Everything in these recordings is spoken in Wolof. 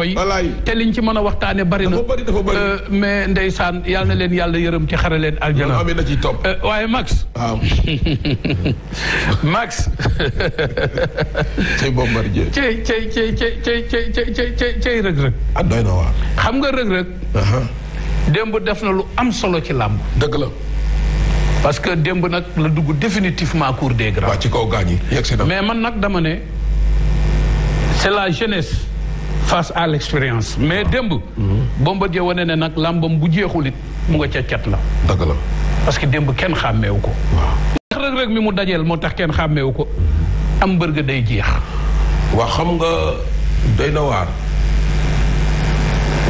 tooy te liñ ci mën a waxtaane bari na euh, mais ndeysaan yal na leen yàlla yërëm ci xare leen aljana euh, waaye Max Max cey bombardier cey cey cey cey cey cey cey rëg rëg ah, doy na waa xam nga rëg rëg démb def na lu am solo ci làmb dëgg la parce que démb nag la dugg définitivement cour des grands. ci kaw gaañ yi yegg na mais man nag dama ne c'est la jeunesse face à l'expérience mais démb. Bombardier wone ne nag làmbam bu jeexul it mu nga ca cat la. dëgg la parce que démb kenn xàmmewu ko. waaw rek rek mi mu dajeel moo tax kenn xàmmeewu ko. am mbërga day jeex. waa xam nga doy na waar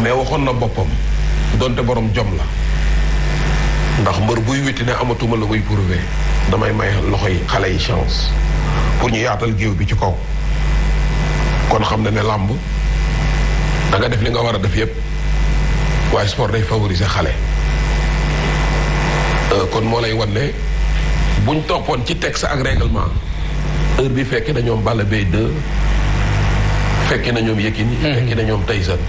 mais waxoon na boppam donte boroom jom la ndax mbër buy witti ne amatuma la muy prouver damay may loxo yi xale yi chance pour ñu yaatal géew bi ci kaw kon xam na ne làmb. danga def li nga war a def yépp waaye sport day favorise xale euh, kon moo lay wan ne buñ toppoon ci texte ak règlement heure bi fekkee na ñoom Balla Gaye 2 fekkee na ñoom Yékini mm-hmm. fekkee na ñoom Tyson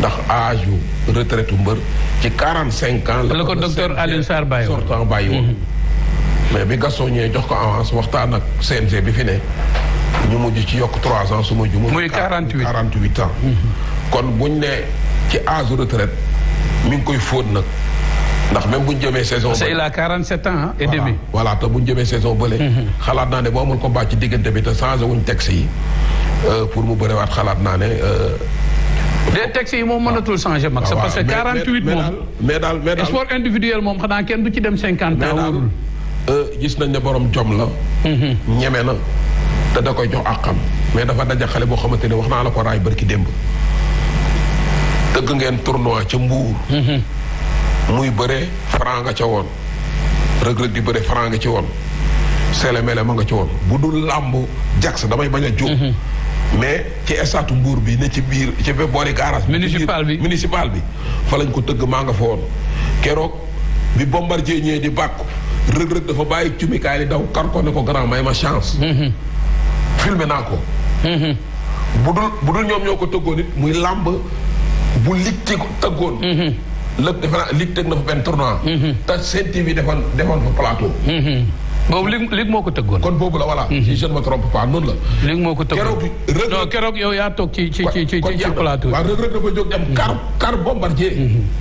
ndax âge yu retraite mbër ci quarante cinq ans la ko docteur Alioune Sarr bàyyi sortant bàyyi woon mm-hmm. mais bi Gaston ñëwee jox ko avance waxtaan ak CNG bi fi ne ñu mujj ci yokk trois ans su ma jumul. muy quarante huit quarante huit ans. Mhm. kon buñ ne ci âge retraite mi ngi koy fóot nag. ndax même bu ñu jëmee saison. parce que il a 47 ans hein, et voilà. demi. voilà te bu ñu jëmee saison bële. Mhm. xalaat naa ne boo amul combat ci diggante bi te changé wuñ texte yi euh, pour mu bëriwaat xalaat naa ne. Euh, des textes yi moom mënatul changé mag. waaw ah, parce que 48 moom mais daal mais daal sport individuel moom xanaa kenn du ci dem 50 ans. Euh, gis nañ ne borom jom la. Mhm. ñeme na. te da koy jox àqam mais dafa daja xale boo xamante ne wax naa la ko raay barki démb tëgg ngeen tournoi ca mbuur mm-hmm. muy bëre franc nga ca woon rëg-rëg di bëre franc nga ci woon selemele ma nga ci woon bu dul làmb jax damay bañ a jóg mm-hmm. mais ci estatu mbuur bi ne ci biir ci ba boori garage municipal bi municipal bi fa lañ ko tëgg maa nga fa woon keroog bi bombardier ñëwee di bàkku rëg-rëg dafa bàyyi cumikaay li daw kar ko ne ko grand may ma chance mm-hmm. filmé naa ko. Mhm. bu dul bu dul ñoom ñoo ko tëggoon it muy làmb bu lig ci ko tëggoon. Mhm. lëg defe naa lig teg na fa benn tournoi. Mhm. te Sen TV defoon defoon fa plateau. boobu lig lig moo ko tëggoon. kon boobu la voilà. si je ne me trompe pas noonu keroog. yow yaa toog ci ci ci ci plateau. waaw rëg rëg dafa jóg dem car car bombardier.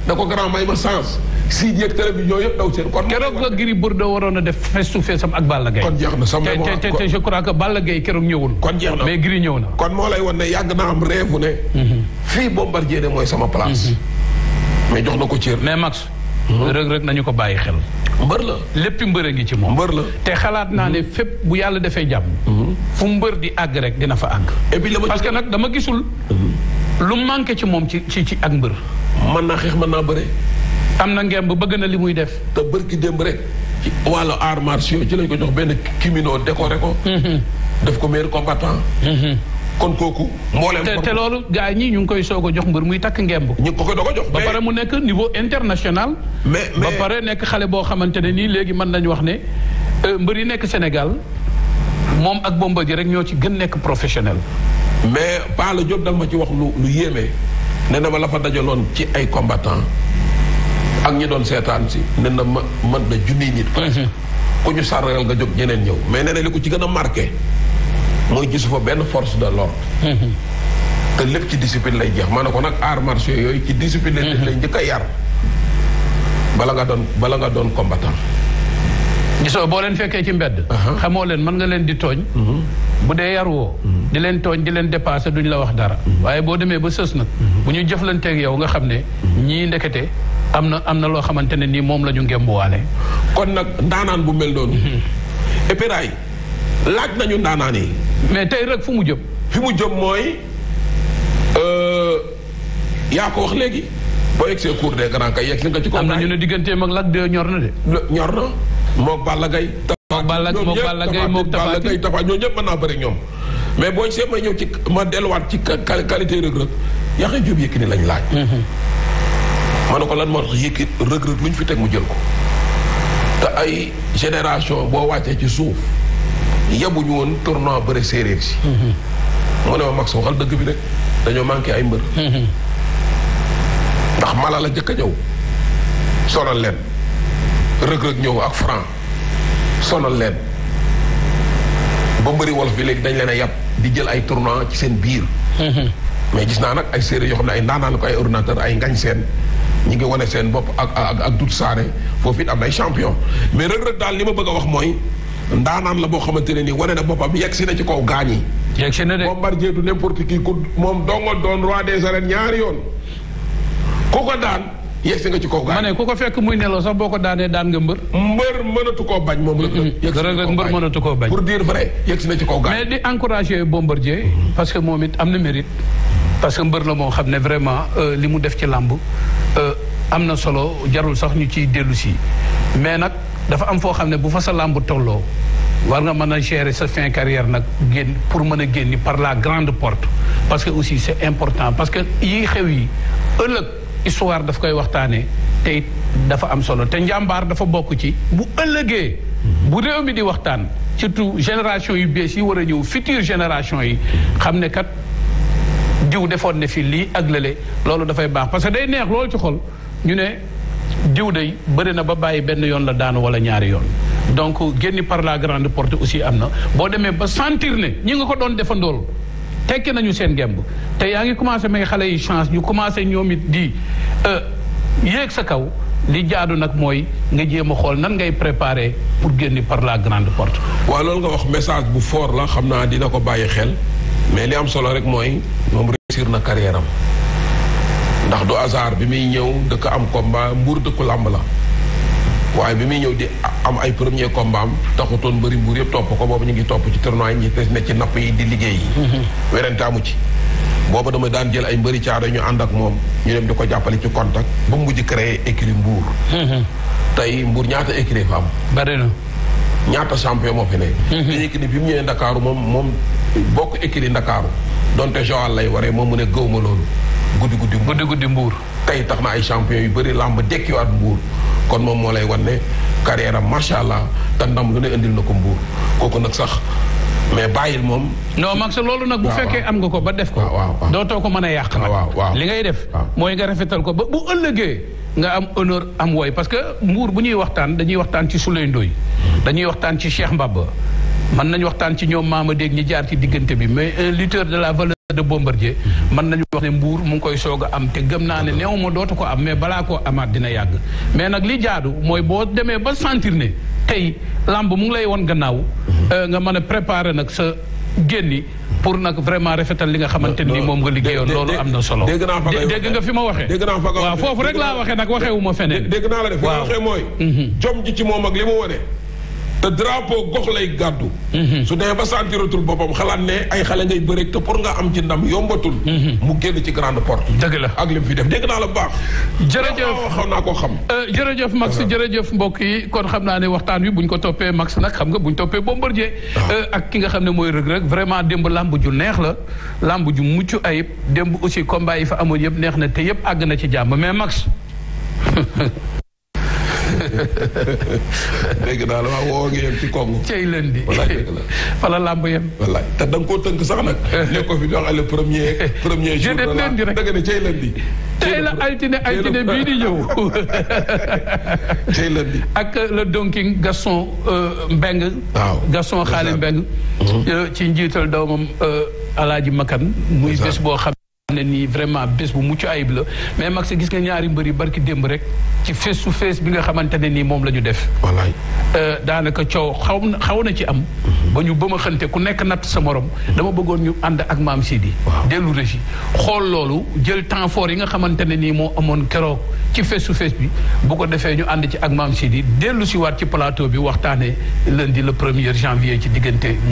da ko grand may ma sens. Sidi ak télévision yëpp daw seen. kon keroog nga Gris Bordeaux waroon a def face to face am ak Balla Gaye. kon jeex na sama te te je crois que Balla Gaye keroog ñëwul. kon jeex na mais Gris ñëw na. kon moo lay won ne yàgg na am rêve ne. Mhm. fii Bombardier de mooy sama place. Mhm. mais jox na ko cër. mais Max. Mhm. rëg rëg nañu ko bàyyi xel. mbër la lépp mbër a ngi ci moom. mbër la te xalaat naa ne fépp bu yàlla defee jàpp fu mbër di àgg rek dina fa àgg. et parce que nag dama gisul. lu manqué ci moom ci ci ci ak mbër. mën naa xeex mën naa bëre. am na ngem bu bëgg na li muy def. te ki démb rek ci wàllu arts ci lañ ko jox benn kimino décoré ko. Mhm. def ko meilleur combattant. Mhm. kon kooku. mboolem te te loolu gars ñi ñu ngi koy soog a jox mbër muy takk ngemb. ñu ngi ko ko doog a jox ba pare mu nekk niveau international. mais mais ba pare nekk xale boo xamante ne nii léegi mën nañu wax ne euh, mbër yi nekk Sénégal moom ak Bombardier rek ñoo ci gën nekk professionnel. mais Paa la Diop da ma ci wax lu lu yéeme ne dama la fa ci ay combattant ak ñi doon seetaan si ne na ma man na junniy nit presque mhm. ku ñu sarral nga jóg ñeneen ñëw mais nee na li ko ci gën a marqué mooy gisu fa benn force de l'ordre mhm. te lépp ci discipline lay jeex ma ne ko nag arts martiaux yooyu ci discipline mhm. lay njëkk a yar bala nga doon bala nga doon combattant gisoo boo leen fekkee ci mbedd uh-huh. xamoo leen man nga leen di tooñ bu dee yar woo di leen tooñ di leen dépassé duñ la wax dara waaye boo demee ba sës nag bu ñu jëflanteeg yow nga xam ne ñii ndekete am na am na loo xamante ne nii moom la ñu ngembuwaale kon nag ndaanaan bu mel noonu. épiraay mhm. laaj nañu ndaanaan yi. mais tey rek fu mu jëm. fi mu jëm mooy euh, yaa ko wax léegi. boo yegsee cour des grands kay yegsi nga ci. am na ñu ne digganteem ak Lac de ñor na de. ñor na moog Balla Gaye. moog Balla moog Balla Gaye moog Tapha Gaye ñoo ñëpp mën naa bari ñoom. mais boo see may ñëw ci ma delluwaat ci qualité rëg-rëg Yaxya Jóob Yékini lañ laaj. Mhm. ma ne ko lan moo tax yëkkit Reug Reug lu ñu fi teg mu jël ko te ay génération boo wàccee ci suuf yebuñu woon tournoi bëre séeréer si mu ne ma mag waxal dëgg bi rek dañoo manqué ay mbër ndax mala la jëkk a ñëw sonal leen Reug Reug ñëw ak franc sonal leen ba mbëri wolof bi léegi dañ leen a yàpp di jël ay tournoi ci seen biir mais gis naa nag ay séeréer yoo xam ne ay ndaanaan ko ay ordinateur ay ngañ seen ñi ngi wane seen bopp ak ak ak Doudou Sané foofu it am nay champion mais Reug Reug daal li ma bëgg a wax mooy ndaanaan la boo xamante ne nii wane na boppam yegg si na ci kaw gaañ yi. yegg si na de Bombardier du n'importe qui ku moom dongo doon roi des arènes ñaari yoon ku ko daan yegg si nga ci kaw gaañ. ma ne ku ko fekk muy nelaw sax boo ko daanee daan nga mbër. mbër mënatu koo bañ moom rek. yegg si mbër mënatu koo bañ. pour dire vrai yegg si na ci kaw gaañ. mais di encourager parce que moom it am na mérite. parce que mbër la moo xam ne vraiment euh, li mu def ci làmb euh, am na solo jarul sax ñu ciy dellu si mais nag dafa am foo xam ne bu fa sa làmb tolloo war nga mën a gérer sa fin carrière nag génn pour mën a génni par la grande porte parce que aussi c'est important parce que yii xew yi ëllëg histoire daf koy waxtaanee tey dafa am solo te njàmbaar dafa bokk ci bu ëllëgee bu réew mi di waxtaan surtout génération yu bees yi war a ñëw future génération yi xam ne kat diw defoon ne fii lii ak lële loolu dafay baax parce que day neex loolu ci xol ñu ne diw day bëri na ba bàyyi benn yoon la daanu wala ñaari yoon donc génni par la grande porte aussi am na boo demee ba sentir ne ñi nga ko doon defandool tekki nañu seen gemb te yaa ngi commencé may xale yi chance ñu commencé ñoom it di euh, yéeg sa kaw li jaadu nag mooy nga jéem a xool nan ngay préparer pour génni par la grande porte. waa loolu nga wax message bu foor la xam naa dina ko bàyyi xel. mais li am solo rek mooy moom réussir na carrière ndax du hasard bi muy ñëw dëkk am combat mbuur dëkku làmb la waaye bi muy ñëw di am ay premier combat am taxutoon mbëri mbuur yëpp topp ko boobu ñu ngi topp ci tournoi ñi te ne ci napp yi di liggéey yi mhm. werante amu ci boobu dama daan jël ay mbëri caado ñu ànd ak moom ñu dem di ko jàppale ci contact ba mu mujj créé écurie mbuur mhm. tey mbuur ñaata écurie fa am bari na ñaata champion moo fi ne. te mhm. Yékini bi mu ñëwee Ndakaaru moom moom bokk écurie Ndakaaru donte Joal lay waree moom mu ne gëw ma loolu. guddi guddi guddi guddi mbuur tey tax na ay champion yu bëri làmb dekkiwaat mbuur kon moom moo lay wan ne carrière am allah te ndam lu ne indil na ko mbuur kooku nag sax mais bàyyil moom. non Max loolu nag. bu fekkee am nga ko ba def ko. waaw waaw dootoo ko mën a yàq nag. li ngay def. mooy nga rafetal ko ba bu ëllëgee. nga am honneur am wooy parce que mbuur bu ñuy waxtaan dañuy waxtaan ci Souley Ndoye dañuy waxtaan ci Cheikh Mbaba man nañu waxtaan ci ñoom maama dégg ñi jaar ci diggante bi mais un lutteur de la valeur de Bombardier mën nañu wax ne mbuur mu ngi koy soog a am te gëm naa ne néew ma dootu ko am mais balaa koo amaat dina yàgg mais nag li jaadu mooy boo demee ba sentir ne tey lamb mu ngi lay won gannaaw euh, nga mën a préparer nag sa génni pour nag vraiment rafetal li nga xamante ni moom nga liggéeyoon loolu am na solo. dégg naa fa nga fi ma waxee. dégg foofu rek laa waxe nag waxeewu ma feneen. dégg naa la de fi ma mooy. Mhm. jom ji ci moom ak li mu wane. te drapeau gox lay gàddu. Mhm. su dee ba sentiratul boppam xalaat ne ay xale ngay bëre te pour nga am ci ndam yombatul. Mhm. mu génn ci grand porte. dëgg la ak lim fi def dégg naa la baax. jërëjëf xam naa ko xam. Euh, jërëjëf Max jërëjëf mbokk yi kon xam naa ne waxtaan wi buñ ko toppee Max nag xam nga buñ toppee Bombardier. Ah. Euh, ak ki nga xam ne mooy Reug Reug vraiment démb làmb ju neex la làmb ju mucc ayib démb aussi combat yi fa amoon yëpp neex na te yëpp àgg na ci jàmm mais Max. dégg naa la wax woo yem ci kongu. cey lundi wala làmb yem. wallaay te da koo tënk sax nag. ne ko fi ñu waxale premier premier jour. de la ak le donking Gaston euh, Mbeng waaw Gaston Mbeng mhm. euh, ci njiital doomam euh, Alaaji Makan muy bés boo xam ne nii vraiment bés bu mucc ayib la mais mag Max gis nga ñaari mbër yi barki démb rek ci face to face bi nga xamante ne nii moom la ñu def. wallaay euh, daanaka coow xaw na xaw na ci am. Mhm. ba ñu bëma xante ku nekk natt sa morom. dama bëggoon ñu ànd ak maam ci Sidi. dellu régi xool loolu jël temps yi nga xamante ne nii moo amoon keroog ci face to face bi bu ko defee ñu ànd ci ak maam Sidi dellu si waat ci plateau bi waxtaanee lundi le première janvier ci diggante.